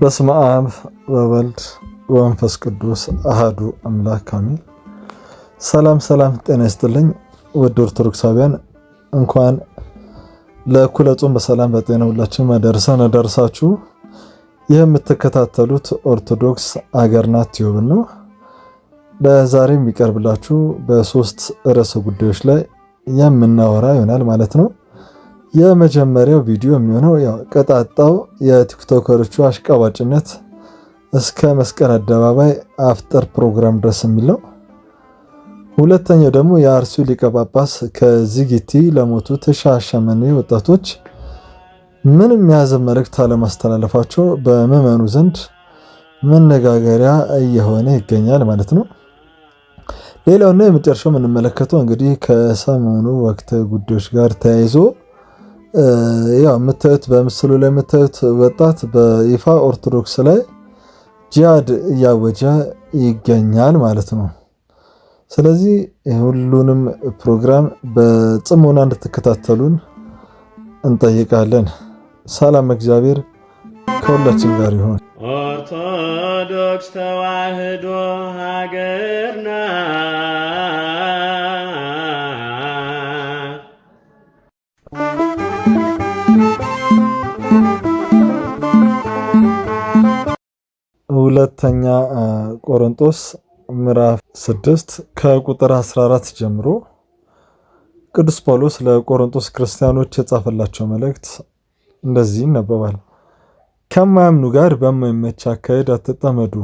በስመ አብ ወወልድ ወመንፈስ ቅዱስ አህዱ አምላክ አሜን። ሰላም ሰላም፣ ጤና ይስጥልኝ ውድ ኦርቶዶክሳውያን እንኳን ለእኩለ ጾም በሰላም በጤና ሁላችንም አደረሰን አደረሳችሁ። ይህ የምትከታተሉት ኦርቶዶክስ አገርናት ቲዩብ ነው። በዛሬ የሚቀርብላችሁ በሶስት ርዕሰ ጉዳዮች ላይ የምናወራ ይሆናል ማለት ነው። የመጀመሪያው ቪዲዮ የሚሆነው ያው ቀጣጣው የቲክቶከሮቹ አሽቃባጭነት እስከ መስቀል አደባባይ አፍጠር ፕሮግራም ድረስ የሚለው ሁለተኛው ደግሞ የአርሲው ሊቀ ጳጳስ ከዚጊቲ ለሞቱ ሻሸመኔ ወጣቶች ምንም የያዘብ መልእክት አለማስተላለፋቸው በምዕመኑ ዘንድ መነጋገሪያ እየሆነ ይገኛል ማለት ነው። ሌላውና የመጨረሻው የምንመለከተው እንግዲህ ከሰሞኑ ወቅት ጉዳዮች ጋር ተያይዞ ያው የምታዩት በምስሉ ላይ የምታዩት ወጣት በይፋ ኦርቶዶክስ ላይ ጂሃድ እያወጀ ይገኛል ማለት ነው። ስለዚህ ሁሉንም ፕሮግራም በጽሞና እንድትከታተሉን እንጠይቃለን። ሰላም እግዚአብሔር ከሁላችን ጋር ይሆን። ኦርቶዶክስ ተዋህዶ ሀገርና ሁለተኛ ቆሮንቶስ ምዕራፍ ስድስት ከቁጥር 14 ጀምሮ ቅዱስ ጳውሎስ ለቆሮንቶስ ክርስቲያኖች የጻፈላቸው መልእክት እንደዚህ ይነበባል። ከማያምኑ ጋር በማይመች አካሄድ አትጠመዱ፣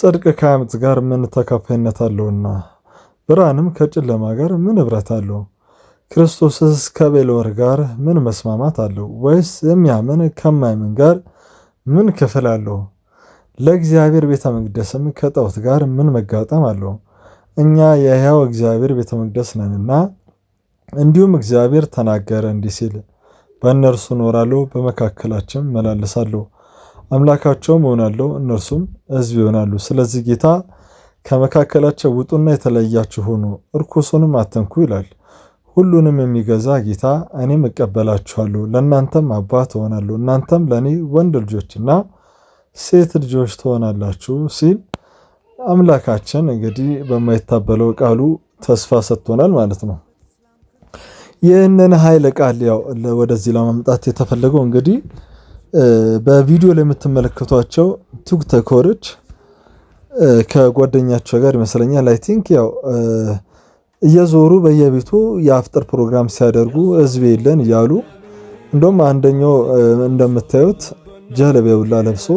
ጽድቅ ከዓመፅ ጋር ምን ተካፋይነት አለውና? ብርሃንም ከጨለማ ጋር ምን ኅብረት አለው? ክርስቶስስ ከቤልወር ጋር ምን መስማማት አለው? ወይስ የሚያምን ከማያምን ጋር ምን ክፍል አለው? ለእግዚአብሔር ቤተ መቅደስም ከጣዖት ጋር ምን መጋጠም አለው? እኛ የሕያው እግዚአብሔር ቤተ መቅደስ ነንና። እንዲሁም እግዚአብሔር ተናገረ እንዲህ ሲል፣ በእነርሱ እኖራለሁ፣ በመካከላችን እመላለሳለሁ፣ አምላካቸውም እሆናለሁ፣ እነርሱም ሕዝብ ይሆናሉ። ስለዚህ ጌታ ከመካከላቸው ውጡና የተለያችሁ ሁኑ፣ እርኩሱንም አትንኩ ይላል። ሁሉንም የሚገዛ ጌታ እኔም እቀበላችኋለሁ፣ ለእናንተም አባት እሆናለሁ፣ እናንተም ለእኔ ወንድ ልጆችና ሴት ልጆች ትሆናላችሁ ሲል አምላካችን እንግዲህ በማይታበለው ቃሉ ተስፋ ሰጥቶናል ማለት ነው። ይህንን ኃይለ ቃል ያው ወደዚህ ለማምጣት የተፈለገው እንግዲህ በቪዲዮ ላይ የምትመለከቷቸው ቲክቶከሮች ከጓደኛቸው ጋር ይመስለኛል አይ ቲንክ ያው እየዞሩ በየቤቱ የአፍጥር ፕሮግራም ሲያደርጉ ህዝብ የለን እያሉ እንደውም አንደኛው እንደምታዩት ጀለቤውላ ለብሶ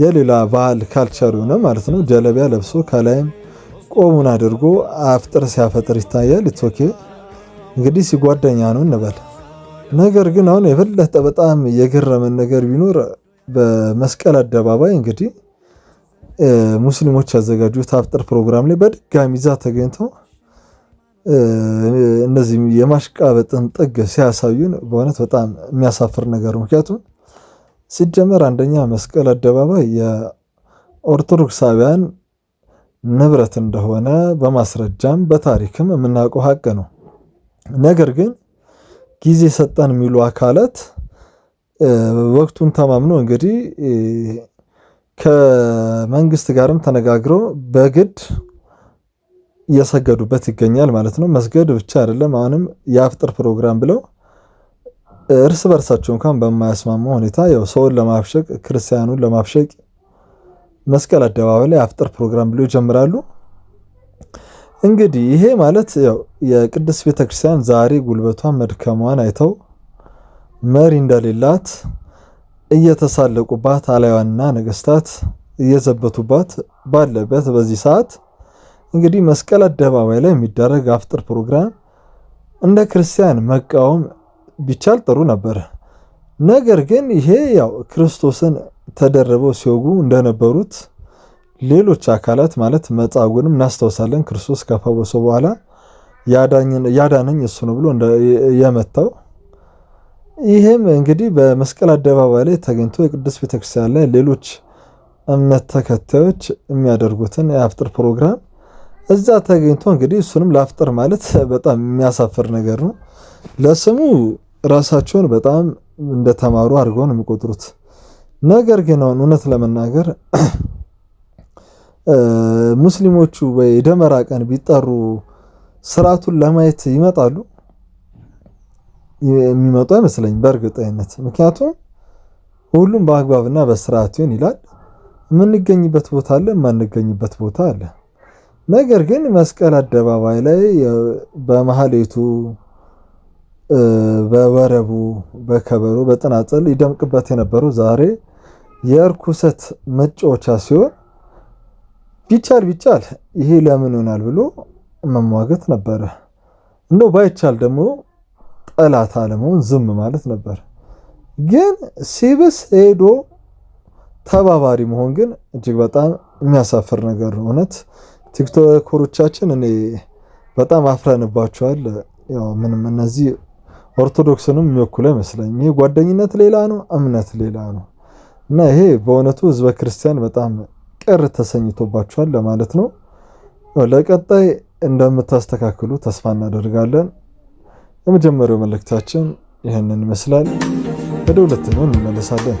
የሌላ ባህል ካልቸር የሆነ ማለት ነው። ጀለቢያ ለብሶ ከላይም ቆሙን አድርጎ አፍጥር ሲያፈጥር ይታያል። ኦኬ እንግዲህ ሲጓደኛ ነው እንበል። ነገር ግን አሁን የበለጠ በጣም የገረመን ነገር ቢኖር በመስቀል አደባባይ እንግዲህ ሙስሊሞች ያዘጋጁት አፍጥር ፕሮግራም ላይ በድጋሚ እዛ ተገኝተው እነዚህ የማሽቃበጥን ጥግ ሲያሳዩን በእውነት በጣም የሚያሳፍር ነገር ምክንያቱም ሲጀመር አንደኛ መስቀል አደባባይ የኦርቶዶክሳውያን ንብረት እንደሆነ በማስረጃም በታሪክም የምናውቀው ሀቅ ነው። ነገር ግን ጊዜ ሰጠን የሚሉ አካላት ወቅቱን ተማምኖ እንግዲህ ከመንግስት ጋርም ተነጋግረው በግድ እየሰገዱበት ይገኛል ማለት ነው። መስገድ ብቻ አይደለም፣ አሁንም የአፍጥር ፕሮግራም ብለው እርስ በርሳቸው እንኳን በማያስማሙ ሁኔታ ያው ሰውን ለማፍሸቅ ክርስቲያኑን ለማፍሸቅ መስቀል አደባባይ ላይ አፍጥር ፕሮግራም ብሎ ይጀምራሉ። እንግዲህ ይሄ ማለት ያው የቅዱስ ቤተክርስቲያን ዛሬ ጉልበቷን መድከሟን አይተው መሪ እንደሌላት እየተሳለቁባት አላዋና ነገስታት እየዘበቱባት ባለበት በዚህ ሰዓት እንግዲህ መስቀል አደባባይ ላይ የሚደረግ አፍጥር ፕሮግራም እንደ ክርስቲያን መቃወም ቢቻል ጥሩ ነበር። ነገር ግን ይሄ ያው ክርስቶስን ተደርበው ሲወጉ እንደነበሩት ሌሎች አካላት ማለት መጻጉንም እናስታውሳለን። ክርስቶስ ከፈወሰ በኋላ ያዳነኝ እሱ ነው ብሎ የመታው ይህም እንግዲህ በመስቀል አደባባይ ላይ ተገኝቶ የቅዱስ ቤተክርስቲያን ላይ ሌሎች እምነት ተከታዮች የሚያደርጉትን የአፍጥር ፕሮግራም እዛ ተገኝቶ እንግዲህ እሱንም ለአፍጥር ማለት በጣም የሚያሳፍር ነገር ነው ለስሙ ራሳቸውን በጣም እንደተማሩ አድርገው ነው የሚቆጥሩት። ነገር ግን አሁን እውነት ለመናገር ሙስሊሞቹ የደመራ ቀን ቢጠሩ ስርዓቱን ለማየት ይመጣሉ? የሚመጡ አይመስለኝ በእርግጠኝነት። ምክንያቱም ሁሉም በአግባብና በስርዓት ይሁን ይላል። የምንገኝበት ቦታ አለ፣ የማንገኝበት ቦታ አለ። ነገር ግን መስቀል አደባባይ ላይ በመሀሌቱ በወረቡ በከበሮ በጸናጽል ይደምቅበት የነበሩ ዛሬ የእርኩሰት መጫወቻ ሲሆን ቢቻል ቢቻል ይሄ ለምን ይሆናል ብሎ መሟገት ነበረ። እንደው ባይቻል ደግሞ ጠላት አለመሆን ዝም ማለት ነበር። ግን ሲብስ ሄዶ ተባባሪ መሆን ግን እጅግ በጣም የሚያሳፍር ነገር ነው። እውነት ቲክቶከሮቻችን እኔ በጣም አፍረንባቸዋል። ያው ምንም እነዚህ ኦርቶዶክስንም የሚወክሉ አይመስለኝም። ይሄ ጓደኝነት ሌላ ነው፣ እምነት ሌላ ነው እና ይሄ በእውነቱ ህዝበ ክርስቲያን በጣም ቅር ተሰኝቶባቸዋል ለማለት ነው። ለቀጣይ እንደምታስተካክሉ ተስፋ እናደርጋለን። የመጀመሪያው መልእክታችን ይህንን ይመስላል። ወደ ሁለተኛው እንመለሳለን።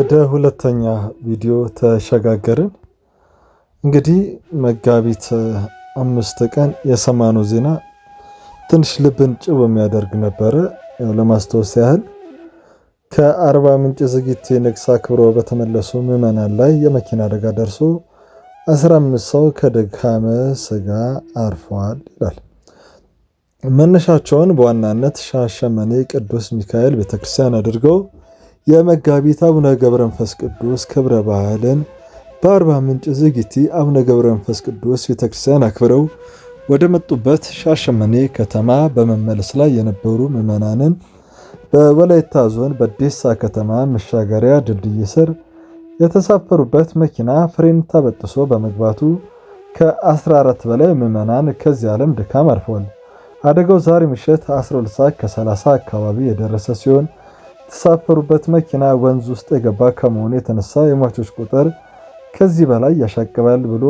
ወደ ሁለተኛ ቪዲዮ ተሸጋገርን። እንግዲህ መጋቢት አምስት ቀን የሰማነው ዜና ትንሽ ልብን ጭብ የሚያደርግ ነበረ። ለማስታወስ ያህል ከአርባ ምንጭ ዝግጅት ንግስ አክብሮ በተመለሱ ምዕመናን ላይ የመኪና አደጋ ደርሶ 15 ሰው ከድካመ ስጋ አርፏል ይላል። መነሻቸውን በዋናነት ሻሸመኔ ቅዱስ ሚካኤል ቤተክርስቲያን አድርገው የመጋቢት አቡነ ገብረ መንፈስ ቅዱስ ክብረ በዓልን በአርባ ምንጭ ዝጊቲ አቡነ ገብረ መንፈስ ቅዱስ ቤተክርስቲያን አክብረው ወደ መጡበት ሻሸመኔ ከተማ በመመለስ ላይ የነበሩ ምዕመናንን በወላይታ ዞን በዴሳ ከተማ መሻገሪያ ድልድይ ስር የተሳፈሩበት መኪና ፍሬን ተበጥሶ በመግባቱ ከ14 በላይ ምዕመናን ከዚህ ዓለም ድካም አርፈዋል። አደጋው ዛሬ ምሽት 12 ሰዓት ከ30 አካባቢ የደረሰ ሲሆን የተሳፈሩበት መኪና ወንዝ ውስጥ የገባ ከመሆኑ የተነሳ የሟቾች ቁጥር ከዚህ በላይ ያሻቅባል ብሎ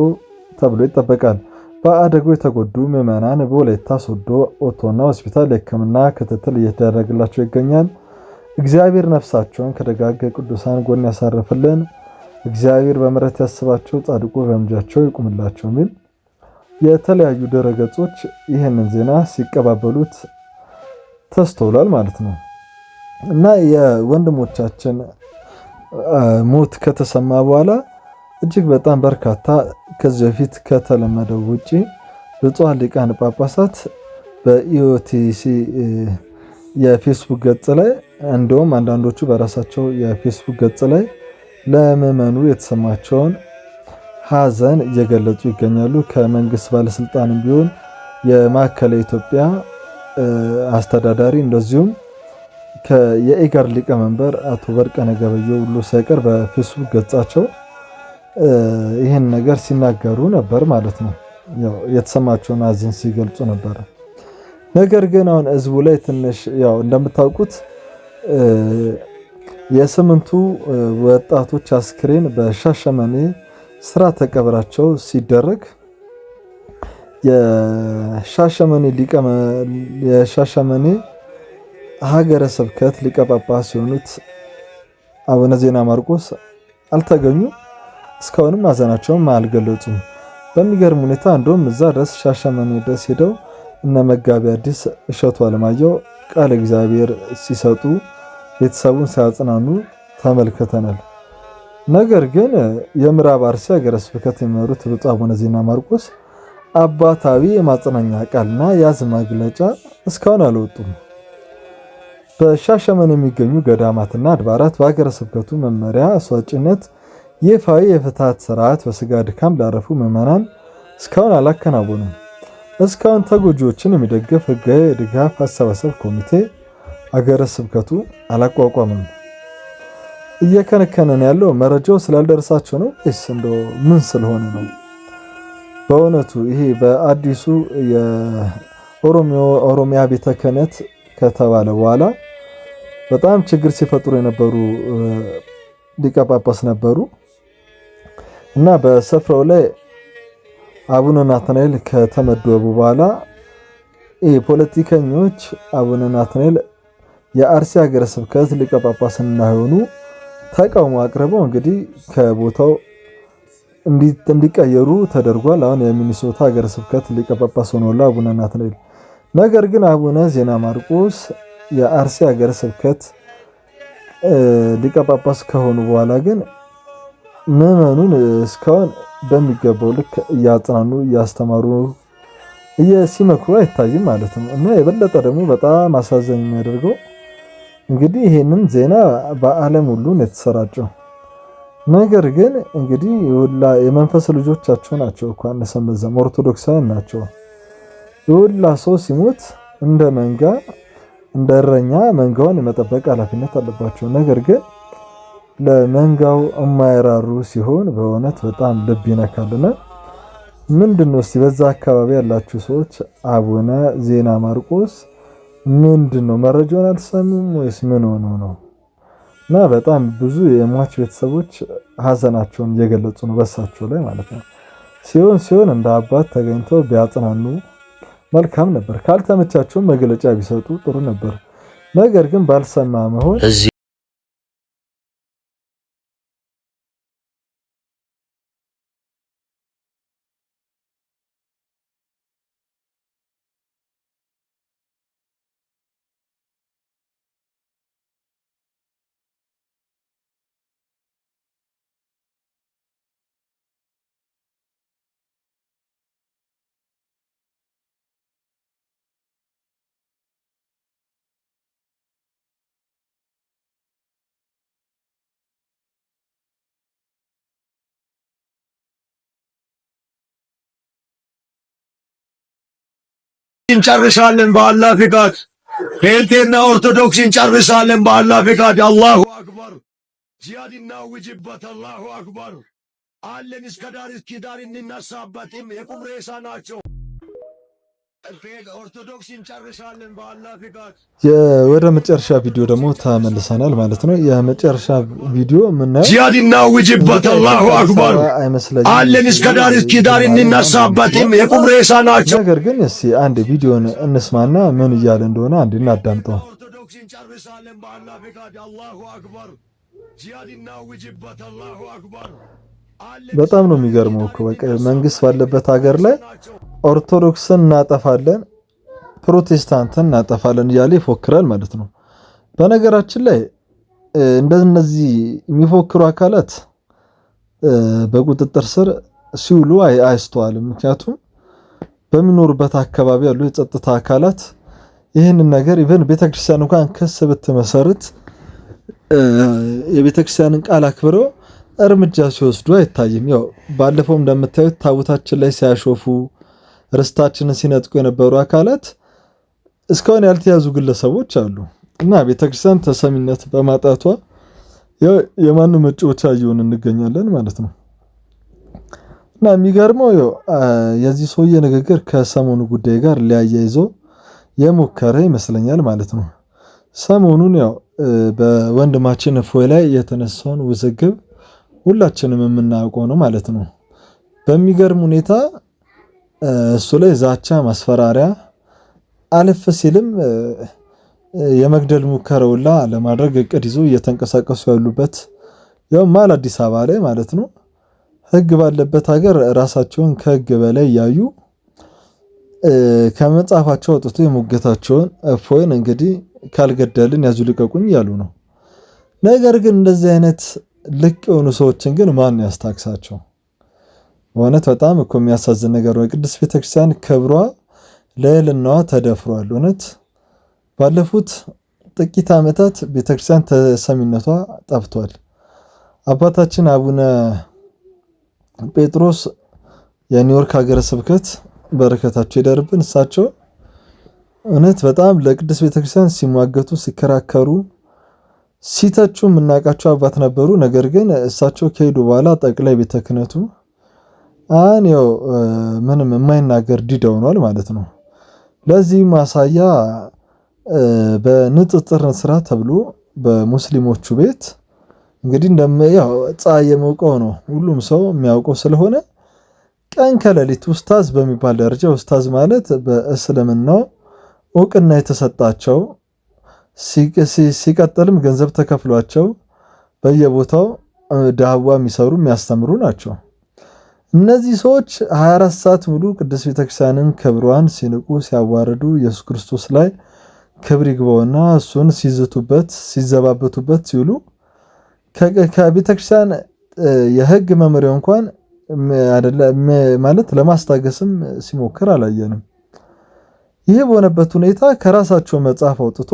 ተብሎ ይጠበቃል። በአደጋው የተጎዱ ምዕመናን በወላይታ ሶዶ ኦቶና ሆስፒታል የሕክምና ክትትል እየተደረገላቸው ይገኛል። እግዚአብሔር ነፍሳቸውን ከደጋገ ቅዱሳን ጎን ያሳርፍልን። እግዚአብሔር በምረት ያስባቸው፣ ጻድቁ በምልጃቸው ይቁምላቸው የሚል የተለያዩ ድረገጾች ይህንን ዜና ሲቀባበሉት ተስተውሏል ማለት ነው። እና የወንድሞቻችን ሞት ከተሰማ በኋላ እጅግ በጣም በርካታ ከዚህ በፊት ከተለመደው ውጪ ብፁዓን ሊቃነ ጳጳሳት በኢኦቲሲ የፌስቡክ ገጽ ላይ እንዲሁም አንዳንዶቹ በራሳቸው የፌስቡክ ገጽ ላይ ለምዕመኑ የተሰማቸውን ሐዘን እየገለጹ ይገኛሉ። ከመንግስት ባለስልጣንም ቢሆን የማዕከላዊ ኢትዮጵያ አስተዳዳሪ እንደዚሁም የኢጋድ ሊቀመንበር አቶ በርቀነ ገበየሁ ሁሉ ሳይቀር በፌስቡክ ገጻቸው ይህን ነገር ሲናገሩ ነበር ማለት ነው። የተሰማቸውን አዘን ሲገልጹ ነበረ። ነገር ግን አሁን ህዝቡ ላይ ትንሽ ያው እንደምታውቁት የስምንቱ ወጣቶች አስክሬን በሻሸመኔ ስራ ተቀብራቸው ሲደረግ የሻሸመኔ ሀገረ ስብከት ሊቀ ጳጳስ የሆኑት አቡነ ዜና ማርቆስ አልተገኙ። እስካሁንም ሀዘናቸውም አልገለጹም። በሚገርም ሁኔታ እንደውም እዛ ድረስ ሻሸመኔ ድረስ ሄደው እነ መጋቢ አዲስ እሸቱ አለማየሁ ቃለ እግዚአብሔር ሲሰጡ ቤተሰቡን ሲያጽናኑ ተመልክተናል። ነገር ግን የምዕራብ አርሲ ሀገረ ስብከት የሚመሩት ብፁዕ አቡነ ዜና ማርቆስ አባታዊ የማጽናኛ ቃልና የአዝ መግለጫ እስካሁን አልወጡም። በሻሸመኔ የሚገኙ ገዳማትና አድባራት በሀገረ ስብከቱ መመሪያ አስዋጭነት ይፋዊ የፍትሐት ስርዓት በስጋ ድካም ላረፉ ምዕመናን እስካሁን አላከናወኑም። እስካሁን ተጎጂዎችን የሚደግፍ ህጋዊ የድጋፍ አሰባሰብ ኮሚቴ አገረ ስብከቱ አላቋቋምም። እየከነከነን ያለው መረጃው ስላልደረሳቸው ነው ወይስ እንደ ምን ስለሆነ ነው? በእውነቱ ይሄ በአዲሱ የኦሮሚያ ቤተ ክህነት ከተባለ በኋላ በጣም ችግር ሲፈጥሩ የነበሩ ሊቀ ጳጳስ ነበሩ እና በስፍራው ላይ አቡነ ናትናኤል ከተመደቡ በኋላ ፖለቲከኞች አቡነ ናትናኤል የአርሲ ሀገረ ስብከት ሊቀ ጳጳስ እንዳይሆኑ ተቃውሞ አቅርበው እንግዲህ ከቦታው እንዲቀየሩ ተደርጓል። አሁን የሚኒሶታ ሀገረ ስብከት ሊቀ ጳጳስ አቡነ ናትናኤል። ነገር ግን አቡነ ዜና ማርቆስ የአርሲ ሀገረ ስብከት ሊቀ ጳጳስ ከሆኑ በኋላ ግን ምዕመኑን እስካሁን በሚገባው ልክ እያጽናኑ እያስተማሩ ሲመክሩ አይታይም ማለት ነው። እና የበለጠ ደግሞ በጣም አሳዘኝ የሚያደርገው እንግዲህ ይሄንን ዜና በዓለም ሁሉ ነው የተሰራጨው። ነገር ግን እንግዲህ ሁላ የመንፈስ ልጆቻቸው ናቸው እኮ አነሰመዘም ኦርቶዶክሳውያን ናቸው። ሁላ ሰው ሲሞት እንደ መንጋ እንደ እረኛ መንጋውን የመጠበቅ ኃላፊነት አለባቸው። ነገር ግን ለመንጋው የማይራሩ ሲሆን በእውነት በጣም ልብ ይነካልና ምንድን ነው እስቲ በዛ አካባቢ ያላችሁ ሰዎች አቡነ ዜና ማርቆስ ምንድን ነው መረጃውን አልሰሙም ወይስ ምን ሆኖ ነው? እና በጣም ብዙ የሟች ቤተሰቦች ሀዘናቸውን እየገለጹ ነው በሳቸው ላይ ማለት ነው። ሲሆን ሲሆን እንደ አባት ተገኝተው ቢያጽናኑ መልካም ነበር። ካልተመቻቸውም መግለጫ ቢሰጡ ጥሩ ነበር። ነገር ግን ባልሰማ መሆን እንጨርሳለን በአላህ ፍቃድ። ፔንቴና ኦርቶዶክስ እንጨርሳለን በአላህ ፍቃድ። አላሁ አክበር። ጂሃድ እናውጅበት። አላሁ አክበር አለን እስከ ዳር እስኪ ዳር እንነሳበትም የቁም ሬሳ ናቸው። ወደ መጨረሻ ቪዲዮ ደግሞ ተመልሰናል ማለት ነው። የመጨረሻ ቪዲዮ የምናየው ዚያድ እናውጅበት አላሁ አክበር አለን እስከ ዳር እስኪ ዳር እንነሳበትም የቁም ሬሳ ናቸው። ነገር ግን እስኪ አንድ ቪዲዮን እንስማና ምን እያለ እንደሆነ አንድ እናዳምጠው። ዚያድ እናውጅበት አላሁ አክበር በጣም ነው የሚገርመው እኮ በቃ መንግስት ባለበት ሀገር ላይ ኦርቶዶክስን እናጠፋለን፣ ፕሮቴስታንትን እናጠፋለን እያለ ይፎክራል ማለት ነው። በነገራችን ላይ እንደነዚህ የሚፎክሩ አካላት በቁጥጥር ስር ሲውሉ አይስተዋልም። ምክንያቱም በሚኖሩበት አካባቢ ያሉ የጸጥታ አካላት ይህንን ነገር ኢቨን ቤተክርስቲያን እንኳን ክስ ብትመሰርት የቤተክርስቲያንን ቃል አክብረው እርምጃ ሲወስዱ አይታይም። ያው ባለፈው እንደምታዩት ታቦታችን ላይ ሲያሾፉ፣ ርስታችንን ሲነጥቁ የነበሩ አካላት እስካሁን ያልተያዙ ግለሰቦች አሉ እና ቤተክርስቲያን ተሰሚነት በማጣቷ የማን መጫወቻ እየሆን እንገኛለን ማለት ነው። እና የሚገርመው የዚህ ሰውዬ ንግግር ከሰሞኑ ጉዳይ ጋር ሊያያይዘው የሞከረ ይመስለኛል ማለት ነው። ሰሞኑን ያው በወንድማችን እፎይ ላይ የተነሳውን ውዝግብ ሁላችንም የምናውቀው ነው ማለት ነው። በሚገርም ሁኔታ እሱ ላይ ዛቻ፣ ማስፈራሪያ አለፍ ሲልም የመግደል ሙከራ ለማድረግ እቅድ ይዞ እየተንቀሳቀሱ ያሉበት ያው ማል አዲስ አበባ ላይ ማለት ነው። ህግ ባለበት ሀገር ራሳቸውን ከህግ በላይ እያዩ ከመጽሐፋቸው አውጥቶ የሞገታቸውን እፎይን እንግዲህ ካልገደልን ያዙ ልቀቁኝ ያሉ ነው። ነገር ግን እንደዚህ አይነት ልቅ የሆኑ ሰዎችን ግን ማን ያስታክሳቸው? በእውነት በጣም እኮ የሚያሳዝን ነገር ነው። የቅድስት ቤተክርስቲያን ክብሯ ልዕልናዋ ተደፍሯል። እውነት ባለፉት ጥቂት ዓመታት ቤተክርስቲያን ተሰሚነቷ ጠፍቷል። አባታችን አቡነ ጴጥሮስ የኒውዮርክ ሀገረ ስብከት በረከታቸው ይደርብን። እሳቸው እውነት በጣም ለቅድስት ቤተክርስቲያን ሲሟገቱ ሲከራከሩ ሲተቹ የምናውቃቸው አባት ነበሩ። ነገር ግን እሳቸው ከሄዱ በኋላ ጠቅላይ ቤተ ክህነቱ አን ያው ምንም የማይናገር ዲዳ ሆኗል ማለት ነው። ለዚህ ማሳያ በንጥጥር ስራ ተብሎ በሙስሊሞቹ ቤት እንግዲህ ያው ፀሐይ የመውቀው ነው ሁሉም ሰው የሚያውቀው ስለሆነ ቀን ከሌሊት ኡስታዝ በሚባል ደረጃ ኡስታዝ ማለት በእስልምናው እውቅና የተሰጣቸው ሲቀጥልም ገንዘብ ተከፍሏቸው በየቦታው ዳህዋ የሚሰሩ የሚያስተምሩ ናቸው። እነዚህ ሰዎች 24 ሰዓት ሙሉ ቅድስት ቤተክርስቲያንን ክብሯን ሲንቁ ሲያዋርዱ ኢየሱስ ክርስቶስ ላይ ክብር ይግባውና እሱን ሲዝቱበት ሲዘባበቱበት ሲውሉ ከቤተክርስቲያን የህግ መመሪያው እንኳን ማለት ለማስታገስም ሲሞክር አላየንም። ይህ በሆነበት ሁኔታ ከራሳቸው መጽሐፍ አውጥቶ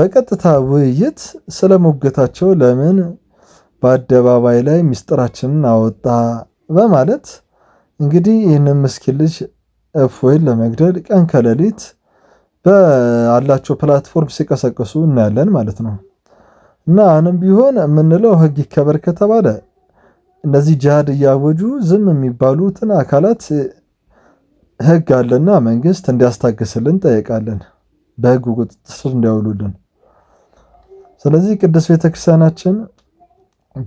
በቀጥታ ውይይት ስለ ሙግታቸው ለምን በአደባባይ ላይ ምስጢራችንን አወጣ በማለት እንግዲህ ይህንን ምስኪን ልጅ እፎይን ለመግደል ቀን ከሌሊት በአላቸው ፕላትፎርም ሲቀሰቅሱ እናያለን ማለት ነው። እና አሁንም ቢሆን የምንለው ህግ ይከበር ከተባለ እነዚህ ጅሃድ እያወጁ ዝም የሚባሉትን አካላት ህግ አለና መንግስት እንዲያስታግስልን ጠይቃለን። በህግ ቁጥጥር ስር እንዲያውሉልን ስለዚህ ቅድስት ቤተክርስቲያናችን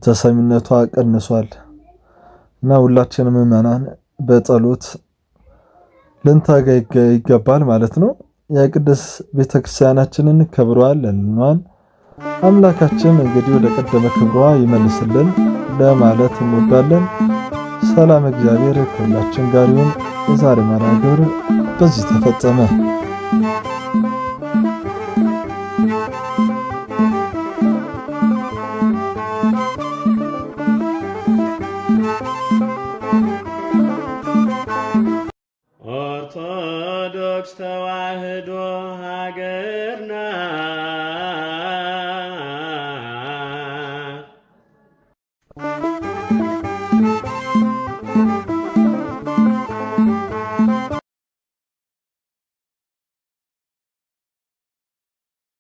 ተሰሚነቷ ቀንሷል እና ሁላችንም ምዕመናን በጸሎት ልንታጋ ይገባል ማለት ነው። የቅድስት ቤተክርስቲያናችንን ክብሯን ለልኗን አምላካችን እንግዲህ ወደ ቀደመ ክብሯ ይመልስልን ለማለት እንወዳለን። ሰላም እግዚአብሔር ከሁላችን ጋር ይሁን። የዛሬ መርሃ ግብር በዚህ ተፈጸመ።